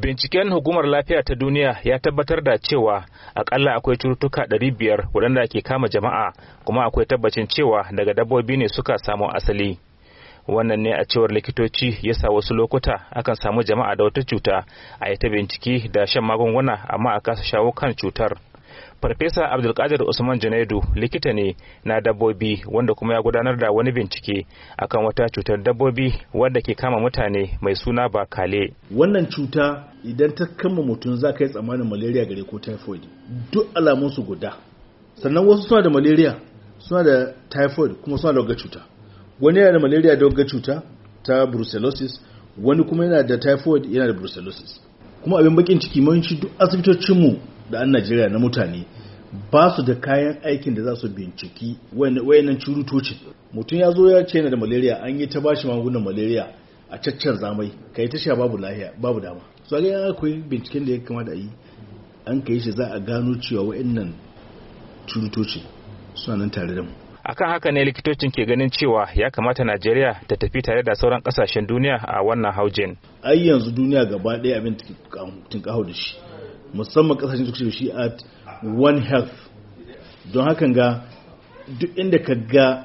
Binciken hukumar lafiya ta duniya ya tabbatar da cewa akalla akwai cututtuka biyar waɗanda ke kama jama'a kuma akwai tabbacin cewa daga dabbobi ne suka samu asali. Wannan ne a cewar likitoci ya sa wasu lokuta akan samu jama'a da wata cuta a yi ta bincike da shan magunguna amma a kasa shawo kan cutar. farfesa abdulkadir usman janaidu likita ne na dabbobi wanda kuma ya gudanar da wani bincike akan wata cutar dabbobi wadda ke kama mutane mai suna bakale wannan cuta idan ta kama mutum za ka yi tsammanin malaria gare ko typhoid duk alamun su guda sannan wasu suna da malaria suna da typhoid kuma suna da cuta wani yana da malaria da wagga cuta ta brucellosis wani kuma yana da typhoid yana da brucellosis kuma abin bakin ciki mun shi duk asibitocinmu da an najeriya na mutane ba su da kayan aikin da za su binciki wayannan curutoci mutum ya zo ya ce yana da malaria an yi ta bashi magungunan malaria a caccar zamai ka yi ta sha babu lahiya babu dama su ga yana akwai binciken da ya kamata a yi an ka yi shi za a gano cewa wayannan curutoci suna nan tare da mu akan haka ne likitocin ke ganin cewa ya kamata najeriya ta tafi tare da sauran kasashen duniya a wannan haujin ai yanzu duniya gaba ɗaya abin tunkaho da shi musamman kasashen da suke shi at one health don hakan ga duk inda ka ga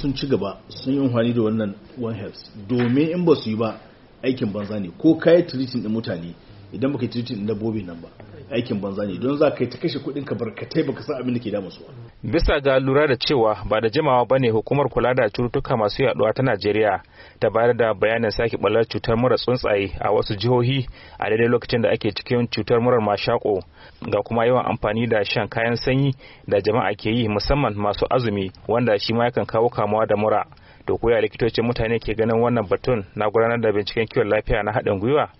sun ci gaba sun yi amfani da wannan one health domin in ba su yi ba aikin banza ne ko kayan treating din mutane idan baka yi na dabbobi nan ba aikin banza ne don za ka yi ta kashe kuɗin ka barkatai baka san abin da ke damu ba. bisa ga lura da cewa ba da jimawa ba ne hukumar kula da cututtuka masu yaduwa ta najeriya ta bayar da bayanin sake ɓallar cutar mura tsuntsaye a wasu jihohi a daidai lokacin da ake cikin cutar murar mashako ga kuma yawan amfani da shan kayan sanyi da jama'a ke yi musamman masu azumi wanda shi ma yakan kawo kamuwa da mura to koya likitocin mutane ke ganin wannan batun na gudanar da binciken kiwon lafiya na haɗin gwiwa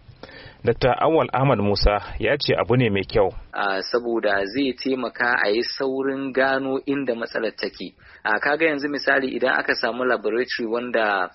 Dr. Awal Ahmad Musa ya ce abu ne mai kyau. saboda zai taimaka a yi saurin gano inda matsalar take. Uh, kaga yanzu misali idan aka samu laboratory wanda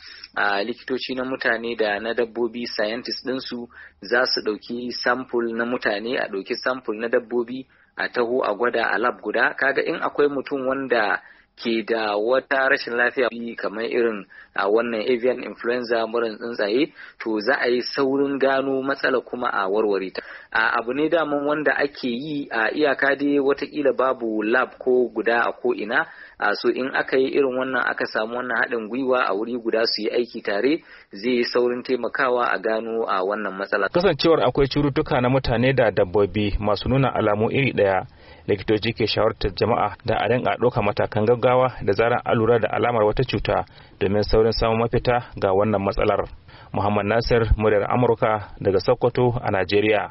likitoci na mutane da na dabbobi scientist ɗinsu za su ɗauki sample na mutane a ɗauki sample na dabbobi a taho a gwada a lab guda kaga in akwai mutum wanda ke da wata rashin lafiya kamar irin a wannan avian influenza murin tsuntsaye to za a yi saurin gano matsala kuma a warware ta A abu ne daman wanda ake yi a iyaka dai watakila babu lab ko guda a ko ina so in aka yi irin wannan aka samu wannan haɗin gwiwa a wuri guda su yi aiki tare zai yi saurin taimakawa a gano a wannan matsala kasancewar akwai cututtuka na mutane da dabbobi masu nuna alamu iri ɗaya likitoci ke shawartar jama'a da a dinga ɗauka matakan gaggawa da zaran an lura da alamar wata cuta domin saurin samun mafita ga wannan matsalar muhammad nasir muryar amurka daga sokoto a najeriya